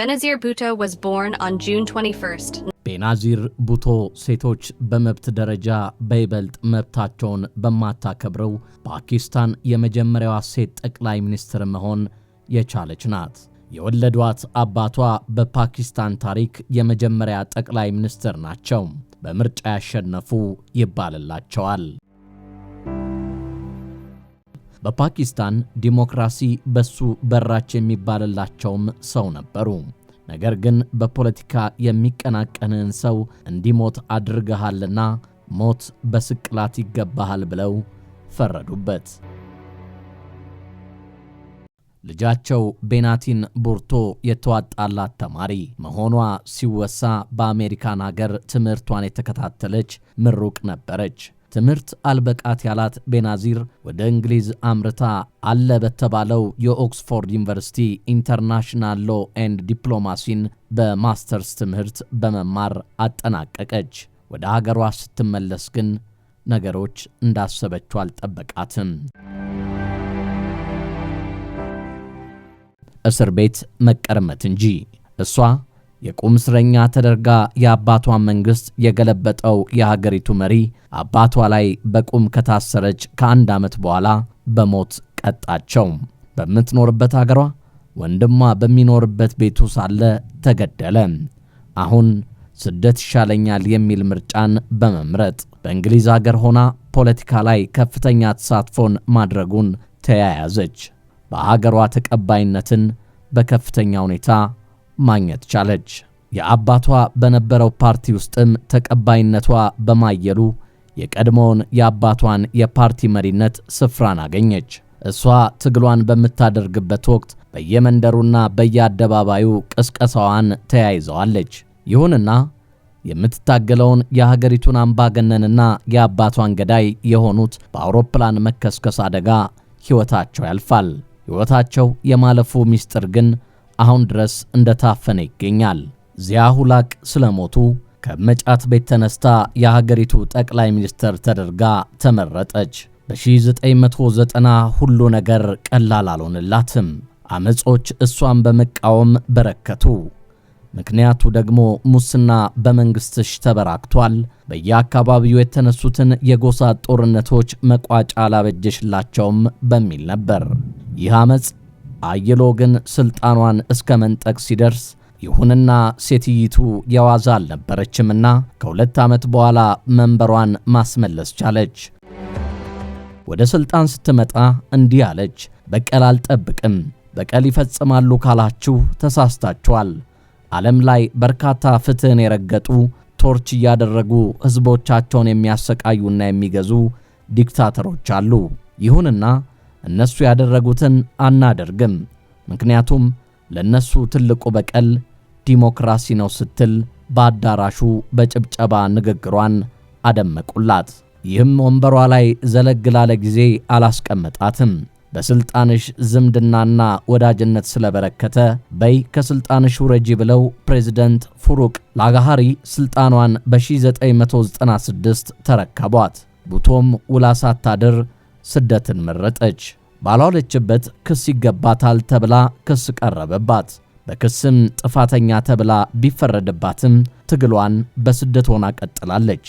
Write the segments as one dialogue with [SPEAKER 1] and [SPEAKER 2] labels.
[SPEAKER 1] በነዚር ቡቶ was born on June 21st.
[SPEAKER 2] ቤናዚር ቡቶ ሴቶች በመብት ደረጃ በይበልጥ መብታቸውን በማታከብረው ፓኪስታን የመጀመሪያዋ ሴት ጠቅላይ ሚኒስትር መሆን የቻለች ናት። የወለዷት አባቷ በፓኪስታን ታሪክ የመጀመሪያ ጠቅላይ ሚኒስትር ናቸው። በምርጫ ያሸነፉ ይባልላቸዋል። በፓኪስታን ዲሞክራሲ በሱ በራች የሚባልላቸውም ሰው ነበሩ። ነገር ግን በፖለቲካ የሚቀናቀንህን ሰው እንዲሞት አድርገሃልና ሞት በስቅላት ይገባሃል ብለው ፈረዱበት። ልጃቸው ቤናቲን ቡርቶ የተዋጣላት ተማሪ መሆኗ ሲወሳ በአሜሪካን አገር ትምህርቷን የተከታተለች ምሩቅ ነበረች። ትምህርት አልበቃት ያላት ቤናዚር ወደ እንግሊዝ አምርታ አለ በተባለው የኦክስፎርድ ዩኒቨርሲቲ ኢንተርናሽናል ሎ ኤንድ ዲፕሎማሲን በማስተርስ ትምህርት በመማር አጠናቀቀች። ወደ ሀገሯ ስትመለስ ግን ነገሮች እንዳሰበችው አልጠበቃትም። እስር ቤት መቀርመት እንጂ እሷ የቁም እስረኛ ተደርጋ የአባቷን መንግሥት የገለበጠው የሀገሪቱ መሪ አባቷ ላይ በቁም ከታሰረች ከአንድ ዓመት በኋላ በሞት ቀጣቸው። በምትኖርበት አገሯ ወንድሟ በሚኖርበት ቤቱ ሳለ ተገደለ። አሁን ስደት ይሻለኛል የሚል ምርጫን በመምረጥ በእንግሊዝ አገር ሆና ፖለቲካ ላይ ከፍተኛ ተሳትፎን ማድረጉን ተያያዘች። በአገሯ ተቀባይነትን በከፍተኛ ሁኔታ ማግኘት ቻለች። የአባቷ በነበረው ፓርቲ ውስጥም ተቀባይነቷ በማየሉ የቀድሞውን የአባቷን የፓርቲ መሪነት ስፍራን አገኘች። እሷ ትግሏን በምታደርግበት ወቅት በየመንደሩና በየአደባባዩ ቅስቀሳዋን ተያይዘዋለች። ይሁንና የምትታገለውን የሀገሪቱን አምባገነንና የአባቷን ገዳይ የሆኑት በአውሮፕላን መከስከስ አደጋ ሕይወታቸው ያልፋል። ሕይወታቸው የማለፉ ምስጢር ግን አሁን ድረስ እንደታፈነ ይገኛል። ዚያ ሁላቅ ስለሞቱ ከመጫት ቤት ተነስታ የሀገሪቱ ጠቅላይ ሚኒስትር ተደርጋ ተመረጠች። በ1990 ሁሉ ነገር ቀላል አልሆንላትም። አመጾች እሷን በመቃወም በረከቱ። ምክንያቱ ደግሞ ሙስና በመንግስትሽ ተበራክቷል፣ በየአካባቢው የተነሱትን የጎሳ ጦርነቶች መቋጫ አላበጀሽላቸውም በሚል ነበር። ይህ አመፅ አየሎ ግን ስልጣኗን እስከ መንጠቅ ሲደርስ ይሁንና ሴትይቱ የዋዛ አልነበረችምና ከሁለት ዓመት በኋላ መንበሯን ማስመለስ ቻለች። ወደ ሥልጣን ስትመጣ እንዲህ አለች፣ በቀል አልጠብቅም። በቀል ይፈጽማሉ ካላችሁ ተሳስታችኋል። ዓለም ላይ በርካታ ፍትሕን የረገጡ ቶርች እያደረጉ ሕዝቦቻቸውን የሚያሰቃዩና የሚገዙ ዲክታተሮች አሉ። ይሁንና እነሱ ያደረጉትን አናደርግም፣ ምክንያቱም ለእነሱ ትልቁ በቀል ዲሞክራሲ ነው ስትል በአዳራሹ በጭብጨባ ንግግሯን አደመቁላት። ይህም ወንበሯ ላይ ዘለግ ላለ ጊዜ አላስቀመጣትም። በስልጣንሽ ዝምድናና ወዳጅነት ስለበረከተ በይ ከስልጣንሽ ውረጂ ብለው ፕሬዚደንት ፉሩቅ ላጋሃሪ ስልጣኗን በ1996 ተረከቧት። ቡቶም ውላ ሳታድር ስደትን መረጠች። ባልዋለችበት ክስ ይገባታል ተብላ ክስ ቀረበባት። በክስም ጥፋተኛ ተብላ ቢፈረድባትም ትግሏን በስደት ሆና ቀጥላለች።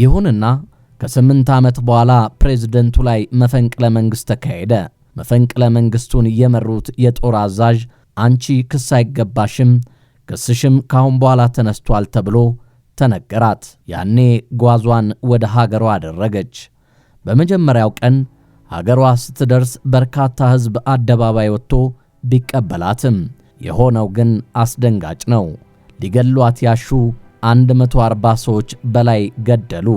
[SPEAKER 2] ይሁንና ከስምንት ዓመት በኋላ ፕሬዝደንቱ ላይ መፈንቅለ መንግሥት ተካሄደ። መፈንቅለ መንግሥቱን የመሩት የጦር አዛዥ አንቺ ክስ አይገባሽም፣ ክስሽም ካሁን በኋላ ተነስቷል ተብሎ ተነገራት። ያኔ ጓዟን ወደ ሀገሯ አደረገች። በመጀመሪያው ቀን ሀገሯ ስትደርስ በርካታ ሕዝብ አደባባይ ወጥቶ ቢቀበላትም የሆነው ግን አስደንጋጭ ነው። ሊገሏት ያሹ 140 ሰዎች በላይ ገደሉ።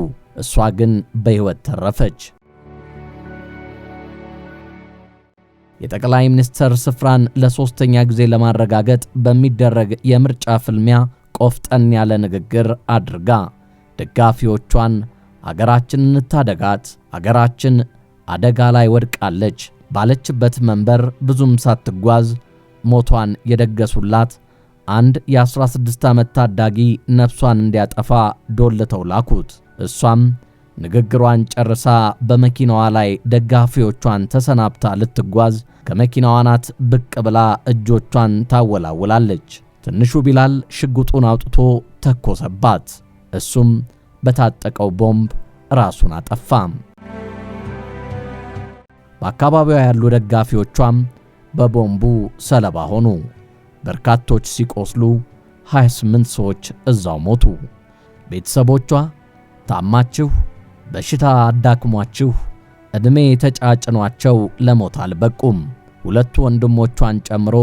[SPEAKER 2] እሷ ግን በሕይወት ተረፈች። የጠቅላይ ሚኒስትር ስፍራን ለሦስተኛ ጊዜ ለማረጋገጥ በሚደረግ የምርጫ ፍልሚያ ቆፍጠን ያለ ንግግር አድርጋ ደጋፊዎቿን አገራችን እንታደጋት፣ አገራችን አደጋ ላይ ወድቃለች ባለችበት መንበር ብዙም ሳትጓዝ ሞቷን የደገሱላት አንድ የ16 ዓመት ታዳጊ ነፍሷን እንዲያጠፋ ዶልተው ላኩት። እሷም ንግግሯን ጨርሳ በመኪናዋ ላይ ደጋፊዎቿን ተሰናብታ ልትጓዝ ከመኪናዋ ናት ብቅ ብላ እጆቿን ታወላውላለች። ትንሹ ቢላል ሽጉጡን አውጥቶ ተኮሰባት። እሱም በታጠቀው ቦምብ ራሱን አጠፋ። በአካባቢዋ ያሉ ደጋፊዎቿም በቦምቡ ሰለባ ሆኑ። በርካቶች ሲቆስሉ 28 ሰዎች እዛው ሞቱ። ቤተሰቦቿ ታማችሁ፣ በሽታ አዳክሟችሁ፣ ዕድሜ ተጫጭኗቸው ለሞት አልበቁም። ሁለቱ ወንድሞቿን ጨምሮ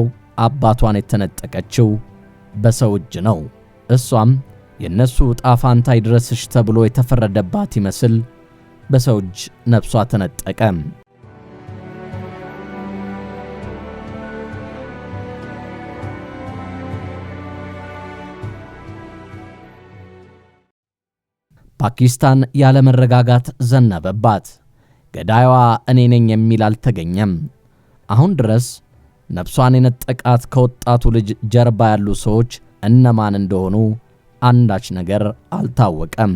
[SPEAKER 2] አባቷን የተነጠቀችው በሰው እጅ ነው። እሷም የእነሱ ዕጣ ፋንታ ይድረስሽ ተብሎ የተፈረደባት ይመስል በሰው እጅ ነፍሷ ተነጠቀ። ፓኪስታን ያለመረጋጋት ዘነበባት። ገዳይዋ እኔ ነኝ የሚል አልተገኘም። አሁን ድረስ ነፍሷን የነጠቃት ከወጣቱ ልጅ ጀርባ ያሉ ሰዎች እነማን እንደሆኑ አንዳች ነገር አልታወቀም።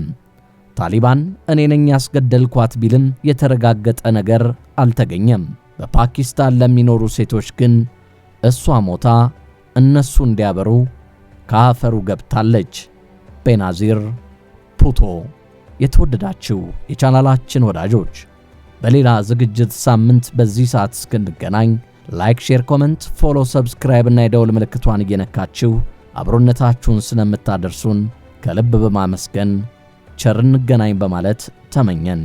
[SPEAKER 2] ታሊባን እኔ ነኝ ያስገደልኳት ቢልም የተረጋገጠ ነገር አልተገኘም። በፓኪስታን ለሚኖሩ ሴቶች ግን እሷ ሞታ እነሱ እንዲያበሩ ከአፈሩ ገብታለች። ቤናዚር ፑቶ የተወደዳችሁ የቻናላችን ወዳጆች በሌላ ዝግጅት ሳምንት በዚህ ሰዓት እስክንገናኝ ላይክ፣ ሼር፣ ኮመንት፣ ፎሎ፣ ሰብስክራይብ እና የደውል ምልክቷን እየነካችሁ አብሮነታችሁን ስለምታደርሱን ከልብ በማመስገን ቸር እንገናኝ በማለት ተመኘን።